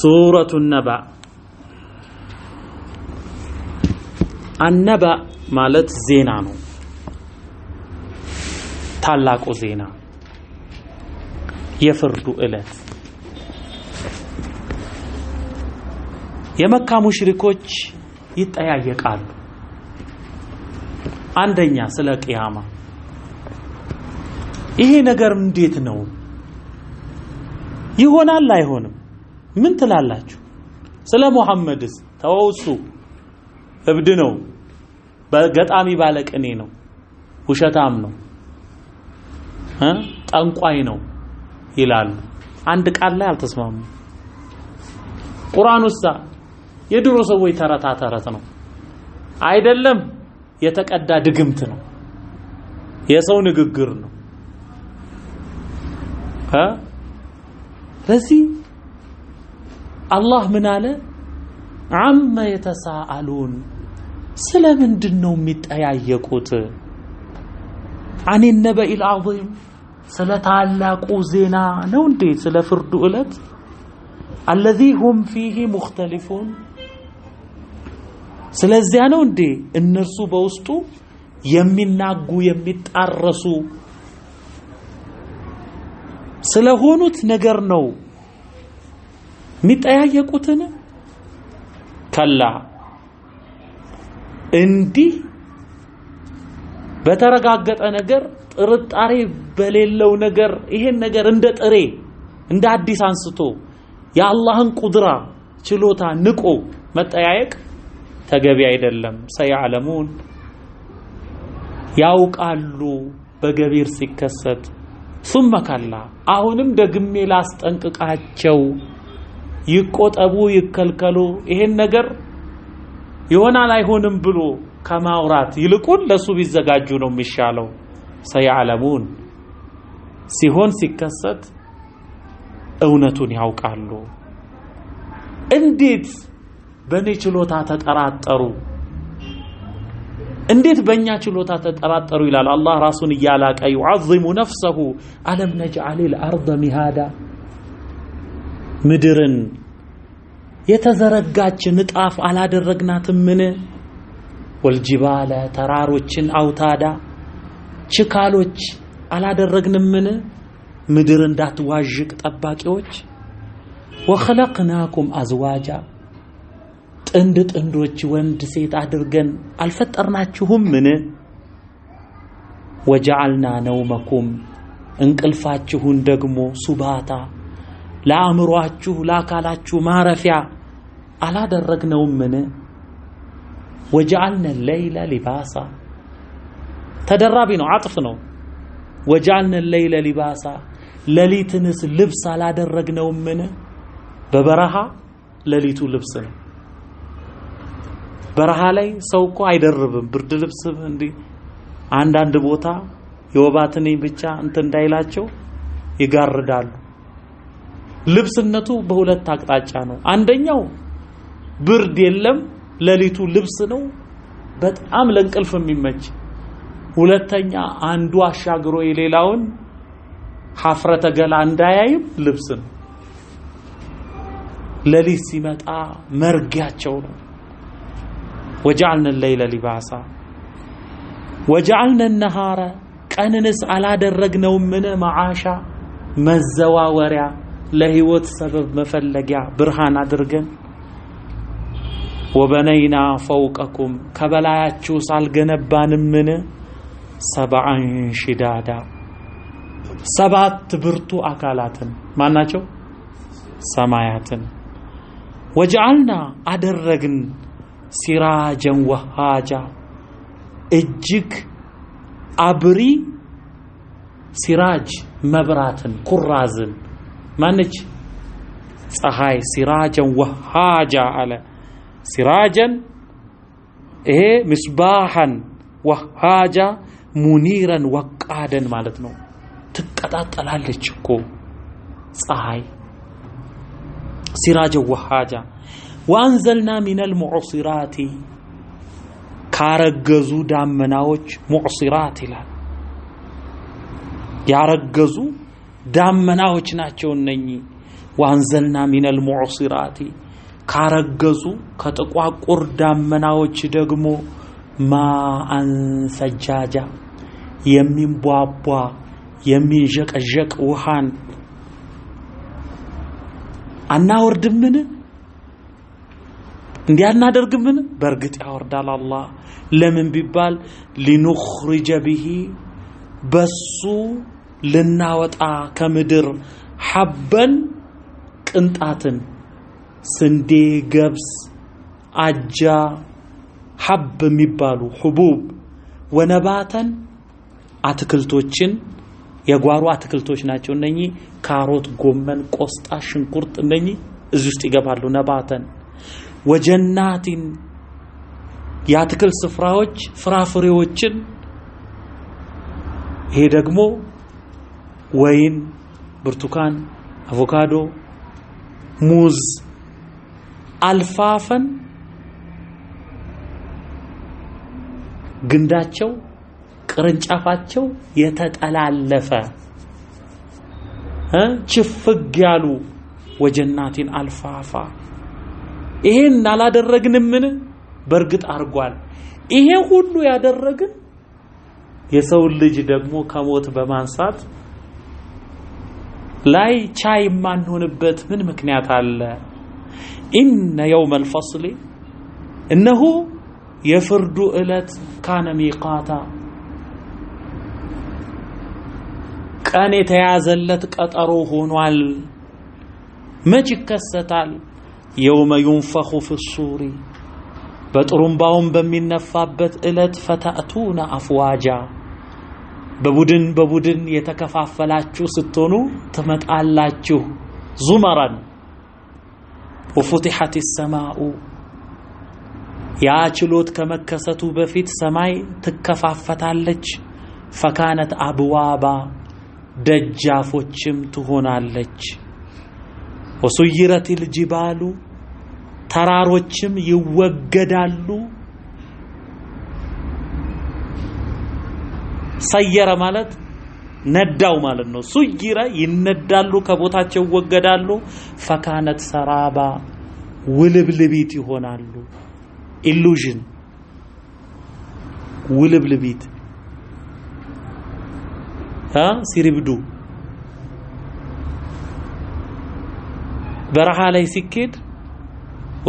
ሱረቱ ነባ አነበ ማለት ዜና ነው። ታላቁ ዜና የፍርዱ ዕለት የመካ ሙሽሪኮች ይጠያየቃሉ። አንደኛ ስለ ቅያማ ይሄ ነገር እንዴት ነው ይሆናል አይሆንም? ምን ትላላችሁ? ስለ ሙሐመድስ ተወውሱ እብድ ነው፣ በገጣሚ ባለቅኔ ነው፣ ውሸታም ነው፣ ጠንቋይ ነው ይላሉ። አንድ ቃል ላይ አልተስማሙ። ቁርአን ውስጥ የድሮ ሰዎች ተረታ ተረት ነው አይደለም፣ የተቀዳ ድግምት ነው፣ የሰው ንግግር ነው። ለዚህ አላህ ምን አለ አመ የተሳአሉን ስለምንድን ነው የሚጠያየቁት አኔ ነበኢል አዚም ስለ ታላቁ ዜና ነው እንዴ ስለ ፍርዱ ዕለት አለዚ ሁም ፊሂ ሙክተሊፉን ስለዚያ ነው እንዴ እነርሱ በውስጡ የሚናጉ የሚጣረሱ ስለሆኑት ነገር ነው የሚጠያየቁትን ከላ እንዲህ በተረጋገጠ ነገር ጥርጣሬ በሌለው ነገር ይሄን ነገር እንደ ጥሬ እንደ አዲስ አንስቶ የአላህን ቁድራ ችሎታ ንቆ መጠያየቅ ተገቢ አይደለም። ሰያዕለሙን ያውቃሉ በገቢር ሲከሰት ሱመ ከላ አሁንም ደግሜ ላስጠንቅቃቸው ይቆጠቡ፣ ይከልከሉ ይሄን ነገር ይሆናል አይሆንም ብሎ ከማውራት ይልቁን ለሱ ቢዘጋጁ ነው የሚሻለው። ሰያዕለሙን ሲሆን ሲከሰት እውነቱን ያውቃሉ። እንዴት በእኔ ችሎታ ተጠራጠሩ? እንዴት በእኛ ችሎታ ተጠራጠሩ? ይላል አላህ ራሱን እያላቀ ዩዓዚሙ ነፍሰሁ አለም ነጅዓሊል አርደ ሚሃዳ ምድርን የተዘረጋች ንጣፍ አላደረግናትምን? ወልጅባለ ተራሮችን አውታዳ ችካሎች አላደረግንምን? ምድር እንዳትዋዥቅ ጠባቂዎች። ወኸለቅናኩም አዝዋጃ ጥንድ ጥንዶች ወንድ ሴት አድርገን አልፈጠርናችሁም ምን? ወጀዓልና ነውመኩም እንቅልፋችሁን ደግሞ ሱባታ ለአእምሯችሁ ለአካላችሁ ማረፊያ አላደረግነውምን? ወጀዐልነ ለይለ ሊባሳ ተደራቢ ነው፣ አጥፍ ነው። ወጀዐልነ ለይለ ሊባሳ ለሊትንስ ልብስ አላደረግነውምን? በበረሃ ለሊቱ ልብስ ነው። በረሃ ላይ ሰው እኮ አይደርብም ብርድ ልብስ። እንዲህ አንዳንድ ቦታ የወባ ትንኝ ብቻ እንትን እንዳይላቸው ይጋርዳሉ። ልብስነቱ በሁለት አቅጣጫ ነው። አንደኛው ብርድ የለም፣ ሌሊቱ ልብስ ነው፣ በጣም ለእንቅልፍ የሚመች። ሁለተኛ አንዱ አሻግሮ የሌላውን ሀፍረተ ገላ እንዳያይም ልብስ ነው። ሌሊት ሲመጣ መርጊያቸው ነው። ወጀዐልነ ለይለ ሊባሳ ወጀዐልነ ነሃረ ቀንንስ አላደረግነውምን መዓሻ መዘዋወሪያ ለህይወት ሰበብ መፈለጊያ ብርሃን አድርገን ወበነይና ፈውቀኩም ከበላያችሁ ሳልገነባንምን ሰብአን ሽዳዳ ሰባት ብርቱ አካላትን ማናቸው? ሰማያትን ወጀዓልና አደረግን ሲራጀን ወሃጃ እጅግ አብሪ ሲራጅ መብራትን ኩራዝን ማነች? ፀሐይ ሲራጀን ወሃጃ አለ ሲራጀን ይሄ ምስባሐን ወሃጃ ሙኒረን ወቃደን ማለት ነው። ትቀጣጠላለች እኮ ፀሐይ ሲራጀን ወሃጃ ወአንዘልና ሚነል ሙዕሲራቲ ካረገዙ ዳመናዎች ሙዕሲራት ይላል ያረገዙ ዳመናዎች ናቸው እነኚህ ዋንዘልና ሚነል ሙዕሲራቲ ካረገዙ ከጥቋቁር ዳመናዎች ደግሞ ማአን ሰጃጃ የሚንቧቧ የሚንዠቀዠቅ ውሃን አናወርድምን? እንዲህ አናደርግምን? በእርግጥ ያወርዳል አላህ። ለምን ቢባል ሊኑኽሪጀ ብሂ በሱ ልናወጣ ከምድር ሐበን ቅንጣትን ስንዴ፣ ገብስ፣ አጃ ሐብ የሚባሉ ሁቡብ ወነባተን አትክልቶችን የጓሮ አትክልቶች ናቸው እነኚህ ካሮት፣ ጎመን፣ ቆስጣ፣ ሽንኩርት እነኚህ እዚህ ውስጥ ይገባሉ። ነባተን ወጀናቲን የአትክልት ስፍራዎች ፍራፍሬዎችን ይሄ ደግሞ ወይን፣ ብርቱካን፣ አቮካዶ፣ ሙዝ አልፋፈን ግንዳቸው ቅርንጫፋቸው የተጠላለፈ ችፍግ ያሉ ወጀናቲን አልፋፋ ይሄን አላደረግንምን? በእርግጥ አርጓል። ይሄ ሁሉ ያደረግን የሰውን ልጅ ደግሞ ከሞት በማንሳት لاي شاي ما نون بيت من مكنيات على إن يوم الفصل إنه يفرد إلت كان ميقاتا كان يتعزلت كأتروه نوال ما جكست يوم ينفخ في الصور بترنباهم بمن نفابت إلت فتأتون أفواجا በቡድን በቡድን የተከፋፈላችሁ ስትሆኑ ትመጣላችሁ። ዙመራን ወፉቲሐት ሰማኡ ያ ችሎት ከመከሰቱ በፊት ሰማይ ትከፋፈታለች። ፈካነት አብዋባ ደጃፎችም ትሆናለች። ወሱይረቲል ጅባሉ ተራሮችም ይወገዳሉ። ሰየረ ማለት ነዳው ማለት ነው። ሱይረ ይነዳሉ፣ ከቦታቸው ይወገዳሉ። ፈካነት ሰራባ ውልብልቢት ይሆናሉ። ኢሉዥን ውልብልቢት ሲሪብዱ በረሃ ላይ ሲኬድ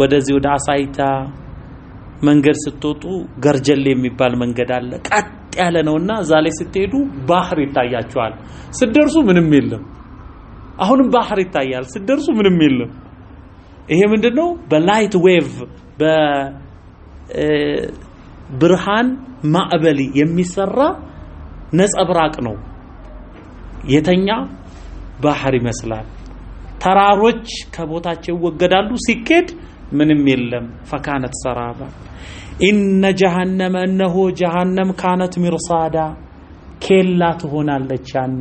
ወደዚህ ወደ አሳይታ መንገድ ስትወጡ ገርጀል የሚባል መንገድ አለ። ቀጥ ያለ ነውና እዛ ላይ ስትሄዱ ባህር ይታያችኋል። ስደርሱ ምንም የለም። አሁንም ባህር ይታያል። ስደርሱ ምንም የለም። ይሄ ምንድነው? በላይት ዌቭ በብርሃን ማዕበል የሚሰራ ነጸብራቅ ነው። የተኛ ባህር ይመስላል። ተራሮች ከቦታቸው ይወገዳሉ። ሲኬድ ምንም የለም። ፈካነት ሰራባ ኢነ ጀሃነመ እነሆ ጀሃነም ካነት ሚርሳዳ ኬላ ትሆናለች። ያኔ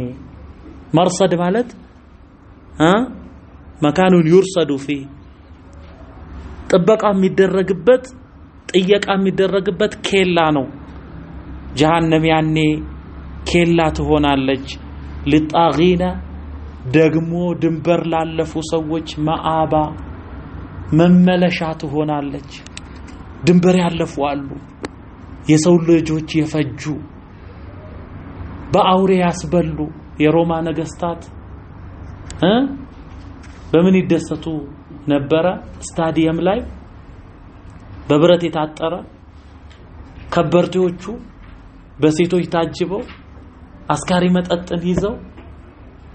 መርሰድ ማለት መካኑን ዩርሰዱ ፊ ጥበቃ የሚደረግበት ጥየቃ የሚደረግበት ኬላ ነው። ጀሃነም ያኔ ኬላ ትሆናለች። ሊጣጊነ ደግሞ ድንበር ላለፉ ሰዎች መአባ መመለሻ ትሆናለች። ድንበር ያለፉ አሉ፣ የሰው ልጆች የፈጁ በአውሬ ያስበሉ የሮማ ነገስታት እ በምን ይደሰቱ ነበረ? ስታዲየም ላይ በብረት የታጠረ ከበርቴዎቹ በሴቶች ታጅበው አስካሪ መጠጥን ይዘው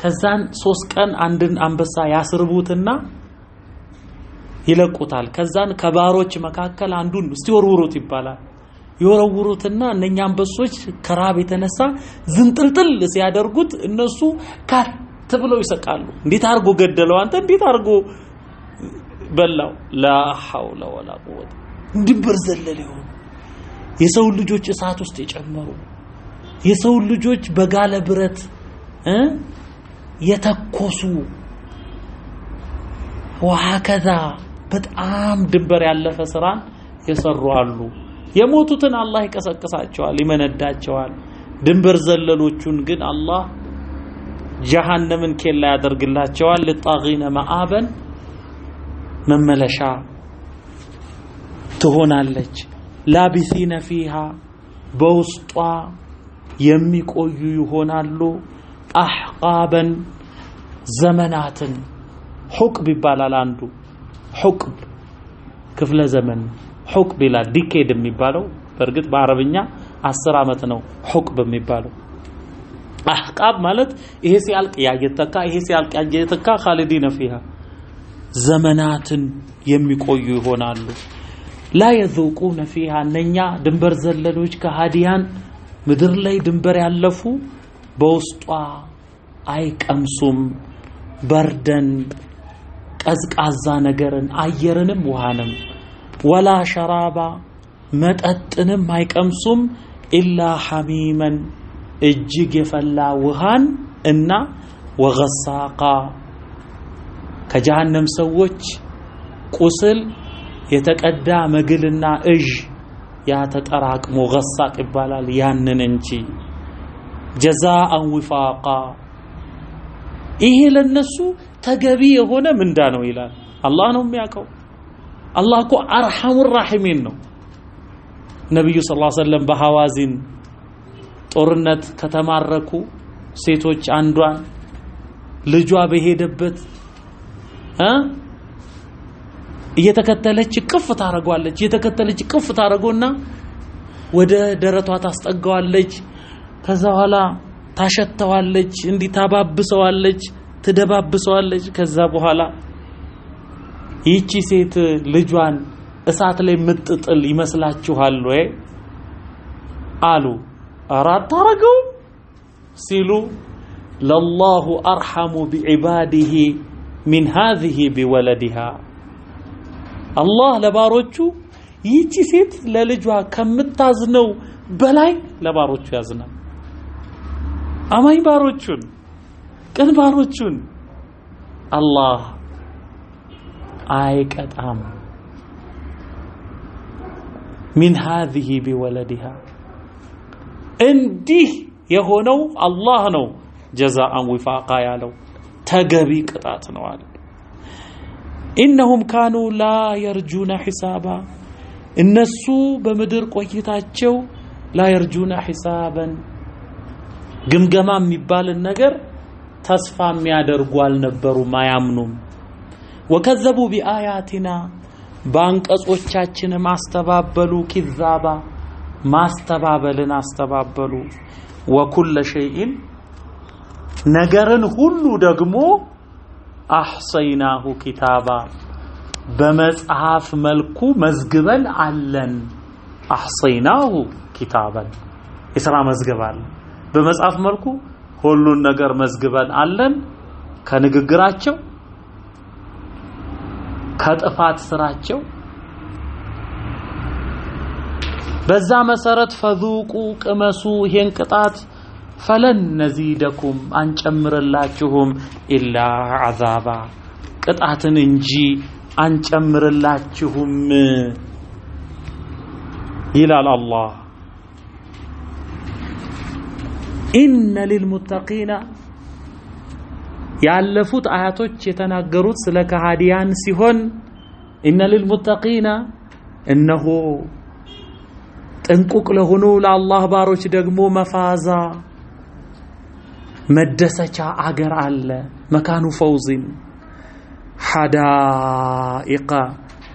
ከዛን ሶስት ቀን አንድን አንበሳ ያስርቡትና ይለቁታል። ከዛን ከባሮች መካከል አንዱን እስቲ ወርውሩት ይባላል። ይወረውሩትና እነኛ አንበሶች ከራብ የተነሳ ዝንጥልጥል ሲያደርጉት እነሱ ካት ብለው ይሰቃሉ። እንዴት አድርጎ ገደለው? አንተ እንዴት አድርጎ በላው? ላ ሐውለ ወላ ቁወት ድንበር ዘለል የሆኑ የሰው ልጆች እሳት ውስጥ የጨመሩ የሰው ልጆች በጋለ ብረት የተኮሱ ወሃከዛ በጣም ድንበር ያለፈ ስራን የሰሩ አሉ። የሞቱትን አላህ ይቀሰቅሳቸዋል፣ ይመነዳቸዋል። ድንበር ዘለሎቹን ግን አላህ ጀሃነምን ኬላ ያደርግላቸዋል። ለጣጊነ መአበን መመለሻ ትሆናለች። ላቢሲነ ፊሃ በውስጧ የሚቆዩ ይሆናሉ። አሕቃበን ዘመናትን ሑቅብ ይባላል አንዱ ሑቅብ ክፍለ ዘመን ሑቅብ ይላል። ዲኬድ የሚባለው በእርግጥ በአረብኛ አስር ዓመት ነው ሑቅብ የሚባለው። አህቃብ ማለት ይሄ ሲያልቅ ያየተካ ይሄ ሲያልቅ ያየተካ ኻሊዲነ ፊሃ ዘመናትን የሚቆዩ ይሆናሉ። ላ የذوقون ፊሃ እነኛ ድንበር ዘለሎች ከሃዲያን ምድር ላይ ድንበር ያለፉ በውስጧ አይቀምሱም በርደን ቀዝቃዛ ነገርን አየርንም ውሃንም ወላ ሸራባ መጠጥንም አይቀምሱም ኢላ ሐሚመን እጅግ የፈላ ውሃን እና ወገሳቃ ከጀሃነም ሰዎች ቁስል የተቀዳ መግልና እዥ ያ ተጠራቅሞ ገሳቅ ይባላል። ያንን እንጂ ጀዛአን ዊፋቃ ይሄ ለነሱ ተገቢ የሆነ ምንዳ ነው ይላል። አላህ ነው የሚያውቀው። አላህ እኮ አርሐሙ ራሒሚን ነው። ነቢዩ ሰለላሁ ዐለይሂ ወሰለም በሐዋዚን ጦርነት ከተማረኩ ሴቶች አንዷን ልጇ በሄደበት እየተከተለች ቅፍ ታረጓለች። እየተከተለች ቅፍ ታረጎና ወደ ደረቷ ታስጠጋዋለች። ከዛ በኋላ ታሸተዋለች፣ እንዲህ ታባብሰዋለች። ትደባብሰዋለች። ከዛ በኋላ ይቺ ሴት ልጇን እሳት ላይ ምጥጥል ይመስላችኋል ወይ አሉ። ኧረ አታረገው ሲሉ ለላሁ አርሐሙ ቢዕባዲሂ ሚን ሃዚሂ ቢወለዲሃ አላህ ለባሮቹ ይቺ ሴት ለልጇ ከምታዝነው በላይ ለባሮቹ ያዝናል። አማኝ ባሮቹን ቅንባሮቹን አላህ አይቀጣም። ሚን ሃዚህ ቢወለዲሃ እንዲህ የሆነው አላህ ነው ጀዛአን ዊፋቃ ያለው ተገቢ ቅጣት ነው አለ። ኢነሁም ካኑ ላ የርጁነ ሒሳባ እነሱ በምድር ቆይታቸው ላ የርጁና ሒሳበን ግምገማ የሚባልን ነገር ተስፋ የሚያደርጉ አልነበሩም፣ አያምኑም። ወከዘቡ ቢአያቲና በአንቀጾቻችንም አስተባበሉ። ኪዛባ ማስተባበልን አስተባበሉ። ወኩለ ሸይኢን ነገርን ሁሉ ደግሞ አሕሰይናሁ ኪታባ በመጽሐፍ መልኩ መዝግበን አለን። አሕሰይናሁ ኪታበን የሥራ መዝገብ በመጽሐፍ መልኩ ሁሉን ነገር መዝግበን አለን ከንግግራቸው ከጥፋት ስራቸው በዛ መሰረት ፈዙቁ ቅመሱ ይሄን ቅጣት ፈለን ነዚደኩም አንጨምርላችሁም ኢላ አዛባ ቅጣትን እንጂ አንጨምርላችሁም ይላል አላህ ኢነ ሊልሙተቂነ ያለፉት አያቶች የተናገሩት ስለ ከሃዲያን ሲሆን ኢነ ሊልሙተቂነ እነሆ ጥንቁቅ ለሆኑ ለአላህ ባሮች ደግሞ መፋዛ መደሰቻ አገር አለ። መካኑ ፈውዚን ሐዳኢቃ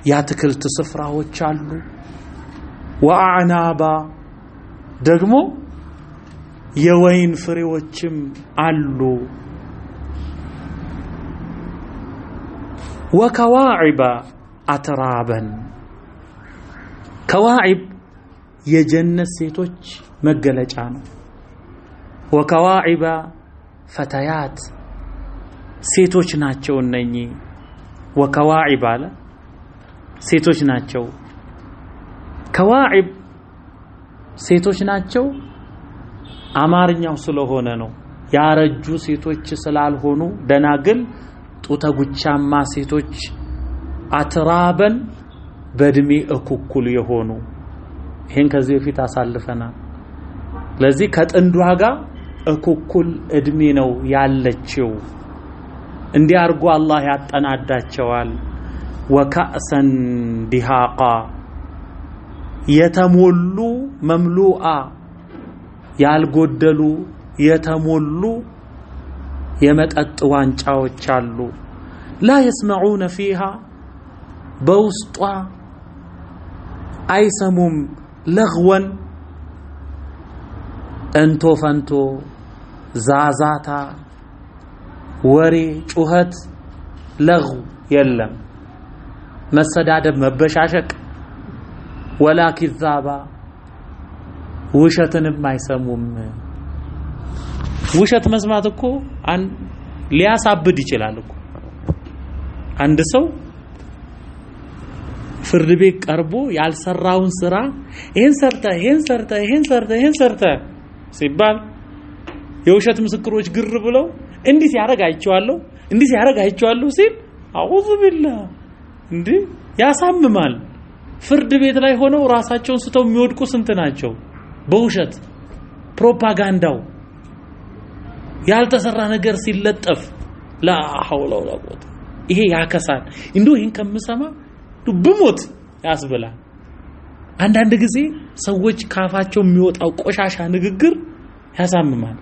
የአትክልት ስፍራዎች አሉ። ወአዕናባ ደግሞ የወይን ፍሬዎችም አሉ። ወከዋዒባ አትራበን ከዋዒብ የጀነት ሴቶች መገለጫ ነው። ወከዋዒባ ፈተያት ሴቶች ናቸው እነኚህ። ወከዋዒብ አለ ሴቶች ናቸው። ከዋዒብ ሴቶች ናቸው አማርኛው ስለሆነ ነው። ያረጁ ሴቶች ስላልሆኑ ደናግል ጉቻማ ሴቶች አትራበን በእድሜ እኩኩል የሆኑ ይህን ከዚህ በፊት አሳልፈናል። ለዚህ ከጥንዷ ጋር እኩኩል እድሜ ነው ያለችው። እንዲህ አድርጎ አላህ ያጠናዳቸዋል። ወካእሰን ዲሃቃ የተሞሉ መምሉአ ያልጎደሉ የተሞሉ የመጠጥ ዋንጫዎች አሉ ላ የስመዑነ ፊሃ በውስጧ አይሰሙም ለግወን እንቶ ፈንቶ ዛዛታ ወሬ ጩኸት ለጉ የለም መሰዳደብ መበሻሸቅ ወላ ኪዛባ ውሸትንም አይሰሙም። ውሸት መስማት እኮ ሊያሳብድ ይችላል እኮ አንድ ሰው ፍርድ ቤት ቀርቦ ያልሰራውን ስራ ይሄን ሰርተ ይሄን ሰርተ ይሄን ሰርተ ይሄን ሰርተ ሲባል የውሸት ምስክሮች ግር ብለው እንዲህ ሲያደርግ አይቼዋለሁ እንዲህ ሲያደርግ አይቼዋለሁ ሲል አዑዙ ቢላህ እንዲህ ያሳምማል። ፍርድ ቤት ላይ ሆነው ራሳቸውን ስተው የሚወድቁ ስንት ናቸው? በውሸት ፕሮፓጋንዳው ያልተሰራ ነገር ሲለጠፍ ላ ወላ ይሄ ያከሳል። እንዲሁ ይህን ከምሰማ ብሞት ያስብላል። አንዳንድ ጊዜ ሰዎች ካፋቸው የሚወጣው ቆሻሻ ንግግር ያሳምማል።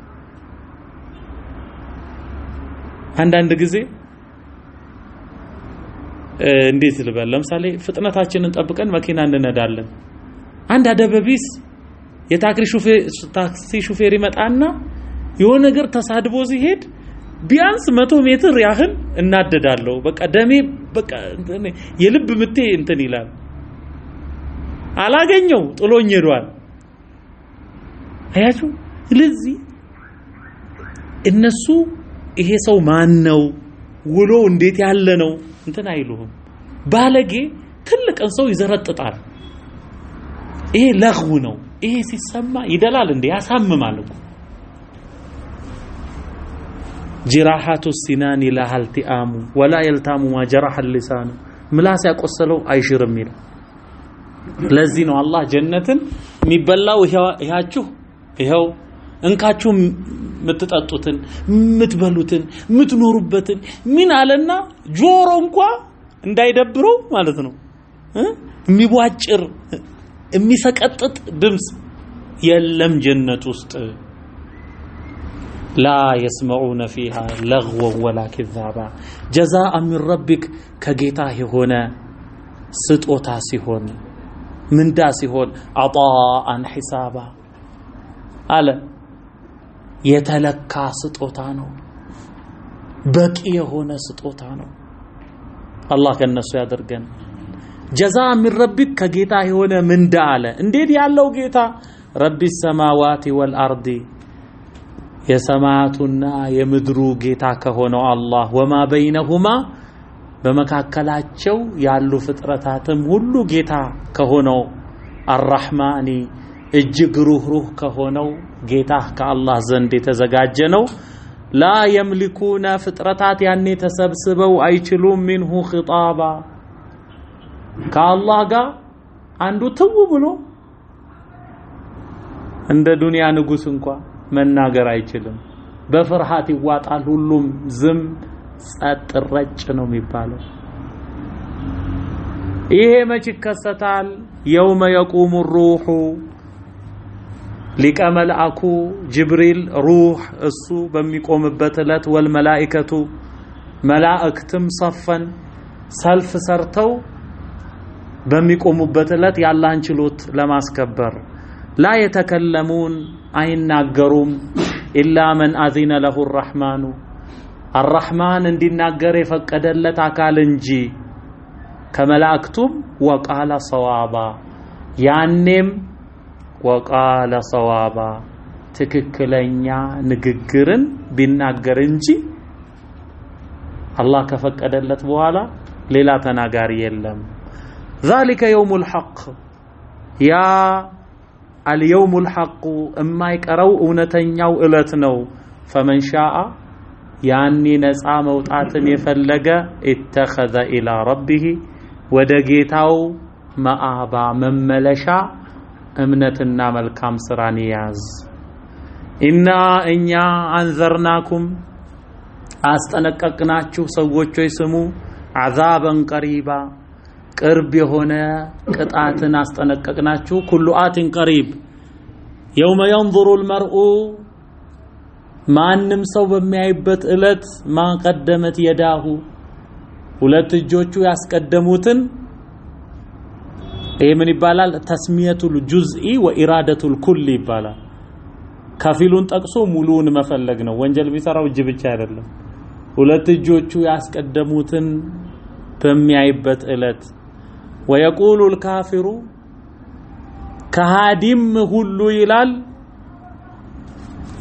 አንዳንድ ጊዜ እንዴት ልበል፣ ለምሳሌ ፍጥነታችንን ጠብቀን መኪና እንነዳለን። አንድ አደበቢስ የታክሲ ሹፌር ይመጣና የሆነ ነገር ተሳድቦ ሲሄድ ቢያንስ መቶ ሜትር ያህል እናደዳለሁ። በቃ ደሜ በቃ የልብ ምቴ እንትን ይላል። አላገኘው ጥሎኝ ሄዷል። አያችሁ። ስለዚህ እነሱ ይሄ ሰው ማን ነው ውሎ እንዴት ያለ ነው እንትን አይሉህም። ባለጌ ትልቅን ሰው ይዘረጥጣል። ይሄ ለህው ነው። ይሄ ሲሰማ ይደላል እንዴ? ያሳምማል እኮ ጅራሐቱ ሲናን ይላሃል ቲአሙ ወላ የልታሙ ማ ጀራሐ ሊሳኑ ምላስ ያቆሰለው አይሽርም ይላል። ለዚህ ነው አላህ ጀነትን የሚበላው ይሄያችሁ ይኸው እንካችሁ የምትጠጡትን የምትበሉትን የምትኖሩበትን ምን አለና ጆሮ እንኳ እንዳይደብረው ማለት ነው የሚቧጭር ميسكتت بمس يلم جنة وسط لا يسمعون فيها لغوا ولا كذابا جزاء من ربك كجيتا هنا ست أوتا سيهون من دا سيهون عطاء حسابا على يتلكا ست أوتانو بكي هنا ست أوتانو الله كان نسوي أدرقن ጀዛ ሚን ከጌታ የሆነ ምንዳ አለ። እንዴት ያለው ጌታ ረቢ ሰማዋቲ ወልአርዲ የሰማያቱና የምድሩ ጌታ ከሆነው አላህ ወማ በይነሁማ በመካከላቸው ያሉ ፍጥረታትም ሁሉ ጌታ ከሆነው አራህማኒ እጅግ ሩህሩህ ከሆነው ጌታ ከአላህ ዘንድ የተዘጋጀ ነው። ላ የምሊኩነ ፍጥረታት ያኔ ተሰብስበው አይችሉም። ሚንሁ ኺጣባ ከአላህ ጋር አንዱ ትው ብሎ እንደ ዱንያ ንጉስ እንኳ መናገር አይችልም። በፍርሃት ይዋጣል። ሁሉም ዝም ጸጥ ረጭ ነው የሚባለው። ይሄ መች ይከሰታል? የውመ የቁሙ ሩሑ ሊቀ መልአኩ ጅብሪል ሩህ እሱ በሚቆምበት ዕለት መላእከቱ መላእክትም ሰፈን ሰልፍ ሰርተው በሚቆሙበት ዕለት የአላህን ችሎት ለማስከበር ላ የተከለሙን አይናገሩም ኢላ መን አዚነ ለሁ ራሕማኑ አራሕማን እንዲናገር የፈቀደለት አካል እንጂ ከመላእክቱም ወቃለ ሰዋባ ያኔም ወቃለ ሰዋባ ትክክለኛ ንግግርን ቢናገር እንጂ አላህ ከፈቀደለት በኋላ ሌላ ተናጋሪ የለም። ዛሊከ የውሙ ሐቅ ያ አልየውሙል ሐቁ የማይቀረው እውነተኛው እለት ነው። ፈመን ሻአ ያኔ ነፃ መውጣትን የፈለገ ኢተኸዘ ኢላ ረቢሂ ወደ ጌታው መአባ መመለሻ እምነትና መልካም ስራን ያዝ። ኢና እኛ አንዘርናኩም አስጠነቀቅናችሁ ሰዎች ሆይ ስሙ፣ አዛበን ቀሪባ ቅርብ የሆነ ቅጣትን አስጠነቀቅናችሁ። ኩሉ አትን ቀሪብ የውመ የንظሩ ልመርኡ ማንም ሰው በሚያይበት ዕለት ማን ቀደመት የዳሁ ሁለት እጆቹ ያስቀደሙትን ይህ ምን ይባላል? ተስሚየቱል ጁዝኢ ወኢራደቱል ኩል ይባላል። ከፊሉን ጠቅሶ ሙሉውን መፈለግ ነው። ወንጀል ቢሰራው እጅ ብቻ አይደለም። ሁለት እጆቹ ያስቀደሙትን በሚያይበት ዕለት ወየቁሉ ልካፊሩ ከሃዲም ሁሉ ይላል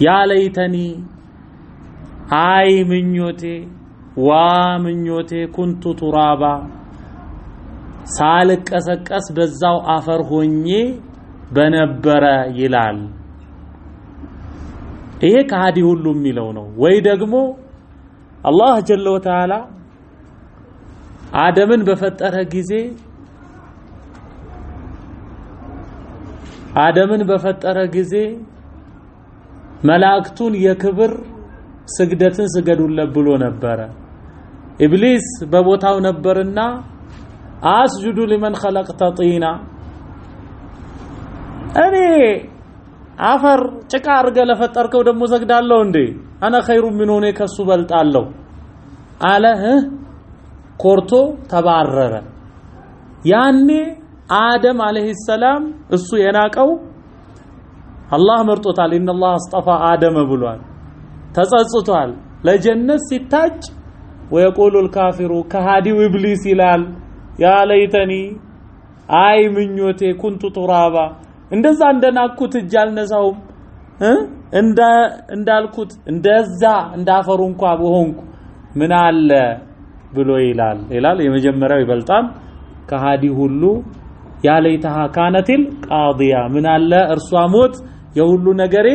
ያለይተኒ አይ ምኞቴ ዋ ምኞቴ ኩንቱ ቱራባ ሳልቀሰቀስ በዛው አፈር ሆኜ በነበረ ይላል። ይሄ ከሃዲ ሁሉ የሚለው ነው። ወይ ደግሞ አላህ ጀለ ወተዓላ አደምን በፈጠረ ጊዜ አደምን በፈጠረ ጊዜ መላእክቱን የክብር ስግደትን ስገዱለት ብሎ ነበረ። ኢብሊስ በቦታው ነበርና አስጁዱ ሊመን ኸለቅተ ጢና፣ እኔ አፈር ጭቃ አርገ ለፈጠርከው ደግሞ ሰግዳለሁ እንዴ? አነ ኸይሩ ምን ሆኔ ከሱ በልጣለሁ አለ። ኮርቶ ተባረረ። ያኔ አደም አለይሂ ሰላም እሱ የናቀው አላህ መርጦታል። ኢነላህ አስጠፋ አደመ ብሏል። ተጸጽቷል። ለጀነት ሲታጭ ወየቆሉል ካፊሩ ከሃዲው ኢብሊስ ይላል ያ ለይተኒ አይ ምኞቴ ኩንቱ ቱራባ እንደዛ እንደናኩት እጅ አልነሳውም እንዳልኩት እንደዛ እንዳፈሩ እንኳ በሆንኩ ምን አለ ብሎ ይላል ይላል። የመጀመሪያው ይበልጣል ከሃዲ ሁሉ ያ ለይተሃ ካነቲል ቃዲያ ምን አለ እርሷ ሞት የሁሉ ነገሬ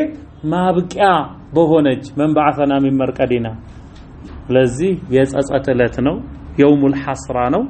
ማብቂያ በሆነች መንባዓፈና ሚን ስለዚህ የጸጸት ዕለት ነው፣ የውሙል ሐስራ ነው።